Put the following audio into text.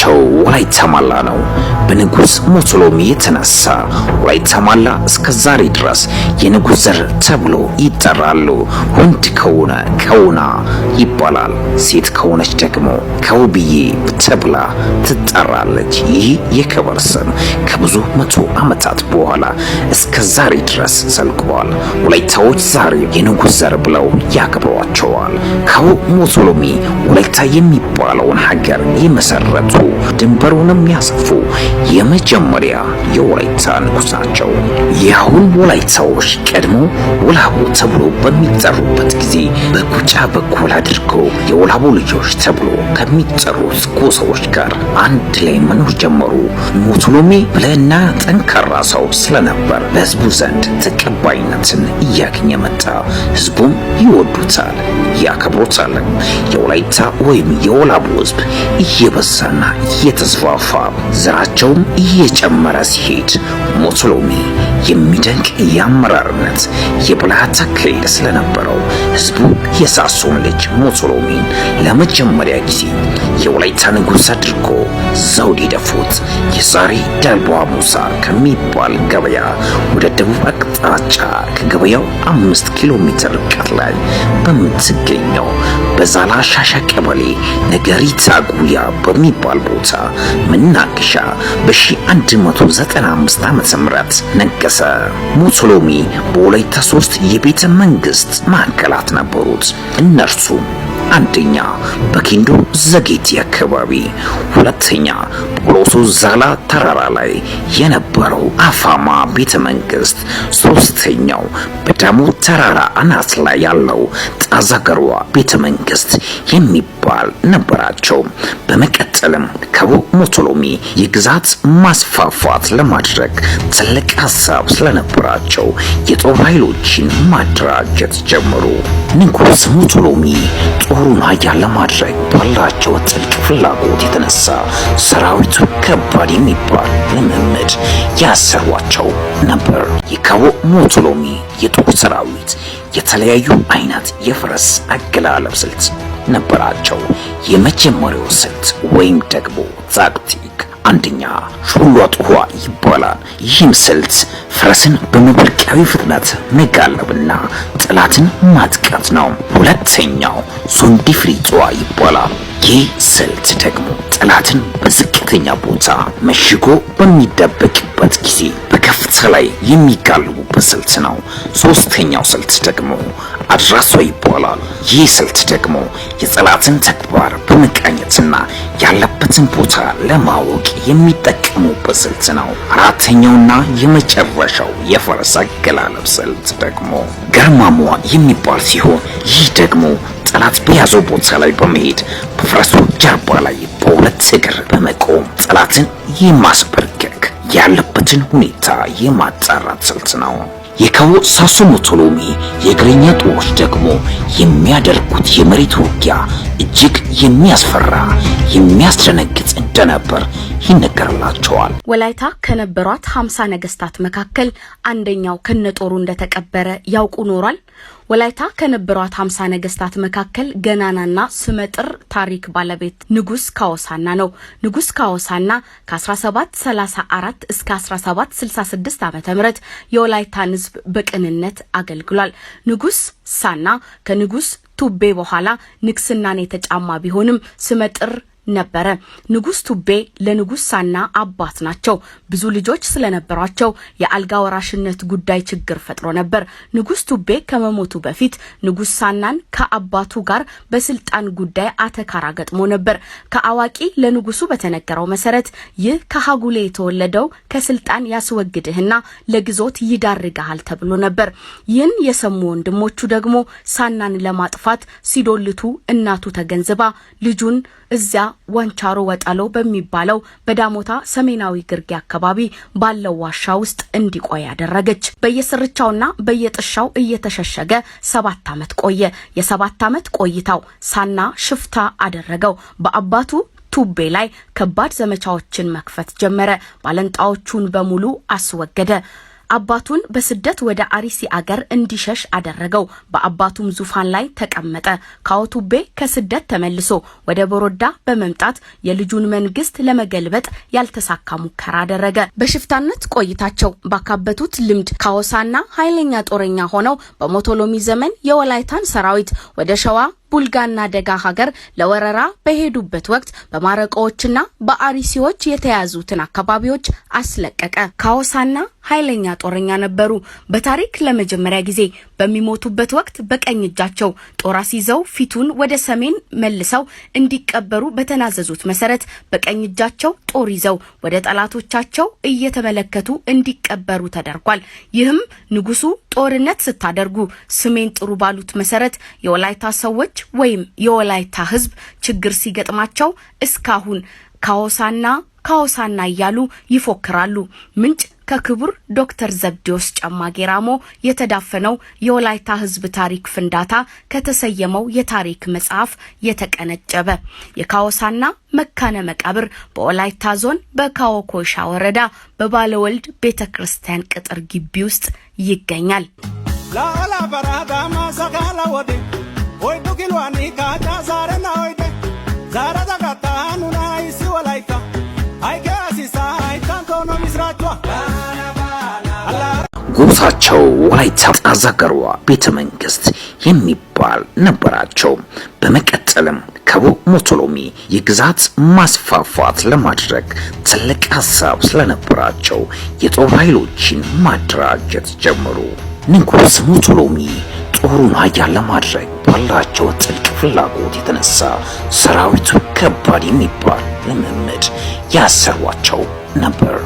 ስማቸው ወላይታ ማላ ነው። በንጉሥ ሙሶሎሚ የተነሳ ወላይታማላ እስከ ዛሬ ድረስ የንጉስ ዘር ተብሎ ይጠራሉ። ወንድ ከሆነ ከውና ይባላል። ሴት ከሆነች ደግሞ ከውብዬ ተብላ ትጠራለች። ይህ የክብር ስም ከብዙ መቶ ዓመታት በኋላ እስከ ዛሬ ድረስ ዘልቋል። ወላይታዎች ዛሬ የንጉስ ዘር ብለው ያከብሯቸዋል። ካው ሙሶሎሚ ወላይታ የሚባለውን ሀገር የመሰረቱ ድንበሩንም ያሰፉ የመጀመሪያ የወላይታ ንጉሥ ናቸው። የአሁን ወላይታዎች ቀድሞ ወላቡ ተብሎ በሚጠሩበት ጊዜ በጉጫ በኩል አድርገው የወላቡ ልጆች ተብሎ ከሚጠሩት ጎሳዎች ጋር አንድ ላይ መኖር ጀመሩ። ሙቱሎሚ ብልህና ጠንካራ ሰው ስለነበር በህዝቡ ዘንድ ተቀባይነትን እያገኘ መጣ። ህዝቡም ይወዱታል፣ ያከብሩታል። የወላይታ ወይም የወላቡ ህዝብ እየበዛና እየተስፋፋ ዘራቸው ቁጥራቸውም እየጨመረ ሲሄድ ሞቶሎሚ የሚደንቅ የአመራርነት የብልሃት አካሄድ ስለነበረው ህዝቡ የሳሶን ልጅ ሞቶሎሚን ለመጀመሪያ ጊዜ የወላይታ ንጉሥ አድርጎ ዘውድ የደፉት የዛሬ ዳልቦ ሙሳ ከሚባል ገበያ ወደ ደቡብ አቅጣጫ ከገበያው አምስት ኪሎ ሜትር ርቀት ላይ በምትገኘው በዛላ ሻሻ ቀበሌ ነገሪት አጉያ በሚባል ቦታ መናገሻ በ1195 ዓ.ም ነገሰ። ሙሶሎሚ በወላይታ ሶስት የቤተ መንግስት ማዕከላት ነበሩት። እነርሱ አንደኛ በኪንዶ ዘጌቲ አካባቢ፣ ሁለተኛ ዲያብሎሱ ዛላ ተራራ ላይ የነበረው አፋማ ቤተ መንግስት፣ ሶስተኛው በዳሞ ተራራ አናት ላይ ያለው ጣዛገሯ ቤተ መንግስት የሚባል ነበራቸው። በመቀጠልም ከቦ ሞቶሎሚ የግዛት ማስፋፋት ለማድረግ ትልቅ ሀሳብ ስለነበራቸው የጦር ኃይሎችን ማደራጀት ጀመሩ። ንጉስ ሞቶሎሚ ጦሩን አያ ለማድረግ ባላቸው ጥልቅ ፍላጎት የተነሳ ሰራዊት በእውነቱ ከባድ የሚባል ልምምድ ያሰሯቸው ነበር። የካቦ ሞቶሎሚ የጦር ሰራዊት የተለያዩ አይነት የፈረስ አገላለብ ስልት ነበራቸው። የመጀመሪያው ስልት ወይም ደግሞ ታክቲክ አንደኛ ሾሎ አጥኋ ይባላል። ይህም ስልት ፈረስን በመብረቂያዊ ፍጥነት መጋለብና ጠላትን ማጥቃት ነው። ሁለተኛው ዞንዲ ፍሪጿ ይባላል። ይህ ስልት ደግሞ ጠላትን በዝቅተኛ ቦታ መሽጎ በሚደበቅበት ጊዜ ከፍታ ላይ የሚጋልቡበት ስልት ነው። ሶስተኛው ስልት ደግሞ አድራሷ ይባላል። ይህ ስልት ደግሞ የጠላትን ተግባር በመቃኘትና ያለበትን ቦታ ለማወቅ የሚጠቀሙበት ስልት ነው። አራተኛውና የመጨረሻው የፈረስ አገላለብ ስልት ደግሞ ገርማሟ የሚባል ሲሆን ይህ ደግሞ ጠላት በያዘው ቦታ ላይ በመሄድ በፈረሱ ጀርባ ላይ በሁለት እግር በመቆም ጠላትን የማስበርከክ ያለበትን ሁኔታ የማጣራት ስልት ነው። የካዎሳሱ ሞቶሎሚ የእግረኛ ጦሮች ደግሞ የሚያደርጉት የመሬት ውጊያ እጅግ የሚያስፈራ የሚያስደነግጥ እንደነበር ይነገርላቸዋል። ወላይታ ከነበሯት ሀምሳ ነገስታት መካከል አንደኛው ከነጦሩ እንደተቀበረ ያውቁ ኖሯል። ወላይታ ከነበሯት ሀምሳ ነገስታት መካከል ገናናና ስመጥር ታሪክ ባለቤት ንጉስ ካወሳና ነው። ንጉስ ካወሳና ከ1734 እስከ 1766 ዓ.ም የወላይታን ህዝብ በቅንነት አገልግሏል። ንጉስ ሳና ከንጉስ ቱቤ በኋላ ንግስናን የተጫማ ቢሆንም ስመጥር ነበረ። ንጉስ ቱቤ ለንጉስ ሳና አባት ናቸው። ብዙ ልጆች ስለነበሯቸው የአልጋ ወራሽነት ጉዳይ ችግር ፈጥሮ ነበር። ንጉስ ቱቤ ከመሞቱ በፊት ንጉስ ሳናን ከአባቱ ጋር በስልጣን ጉዳይ አተካራ ገጥሞ ነበር። ከአዋቂ ለንጉሱ በተነገረው መሰረት ይህ ከሀጉሌ የተወለደው ከስልጣን ያስወግድህና ለግዞት ይዳርግሃል ተብሎ ነበር። ይህን የሰሙ ወንድሞቹ ደግሞ ሳናን ለማጥፋት ሲዶልቱ እናቱ ተገንዝባ ልጁን እዚያ ዋንቻሮ ወጠሎ በሚባለው በዳሞታ ሰሜናዊ ግርጌ አካባቢ ባለው ዋሻ ውስጥ እንዲቆይ ያደረገች። በየስርቻውና በየጥሻው እየተሸሸገ ሰባት ዓመት ቆየ። የሰባት ዓመት ቆይታው ሳና ሽፍታ አደረገው። በአባቱ ቱቤ ላይ ከባድ ዘመቻዎችን መክፈት ጀመረ። ባለንጣዎቹን በሙሉ አስወገደ። አባቱን በስደት ወደ አሪሲ አገር እንዲሸሽ አደረገው። በአባቱም ዙፋን ላይ ተቀመጠ። ካወቱቤ ከስደት ተመልሶ ወደ ቦሮዳ በመምጣት የልጁን መንግስት ለመገልበጥ ያልተሳካ ሙከራ አደረገ። በሽፍታነት ቆይታቸው ባካበቱት ልምድ ካወሳና ኃይለኛ ጦረኛ ሆነው በሞቶሎሚ ዘመን የወላይታን ሰራዊት ወደ ሸዋ ቡልጋና ደጋ ሀገር ለወረራ በሄዱበት ወቅት በማረቆዎችና በአሪሲዎች የተያዙትን አካባቢዎች አስለቀቀ። ካዎሳና ኃይለኛ ጦረኛ ነበሩ። በታሪክ ለመጀመሪያ ጊዜ በሚሞቱበት ወቅት በቀኝ እጃቸው ጦር አስይዘው ፊቱን ወደ ሰሜን መልሰው እንዲቀበሩ በተናዘዙት መሰረት በቀኝ እጃቸው ጦር ይዘው ወደ ጠላቶቻቸው እየተመለከቱ እንዲቀበሩ ተደርጓል። ይህም ንጉሱ ጦርነት ስታደርጉ ስሜን ጥሩ ባሉት መሰረት የወላይታ ሰዎች ወይም የወላይታ ህዝብ ችግር ሲገጥማቸው እስካሁን ካወሳና ካወሳና እያሉ ይፎክራሉ። ምንጭ ከክቡር ዶክተር ዘብዴዎስ ጨማጌራሞ ጌራሞ የተዳፈነው የወላይታ ህዝብ ታሪክ ፍንዳታ ከተሰየመው የታሪክ መጽሐፍ የተቀነጨበ የካወሳና መካነ መቃብር በወላይታ ዞን በካወኮሻ ወረዳ በባለወልድ ቤተ ክርስቲያን ቅጥር ግቢ ውስጥ ይገኛል። ጎሳቸው ወላይታ አዛገሯ ቤተ መንግስት የሚባል ነበራቸው። በመቀጠልም ከቦ ሞቶሎሚ የግዛት ማስፋፋት ለማድረግ ትልቅ ሀሳብ ስለነበራቸው የጦር ኃይሎችን ማደራጀት ጀመሩ። ንጉሥ ሞቶሎሚ ጦሩን ኃያል ለማድረግ ባላቸው ጥልቅ ፍላጎት የተነሳ ሰራዊቱ ከባድ የሚባል ልምምድ ያሰሯቸው ነበር።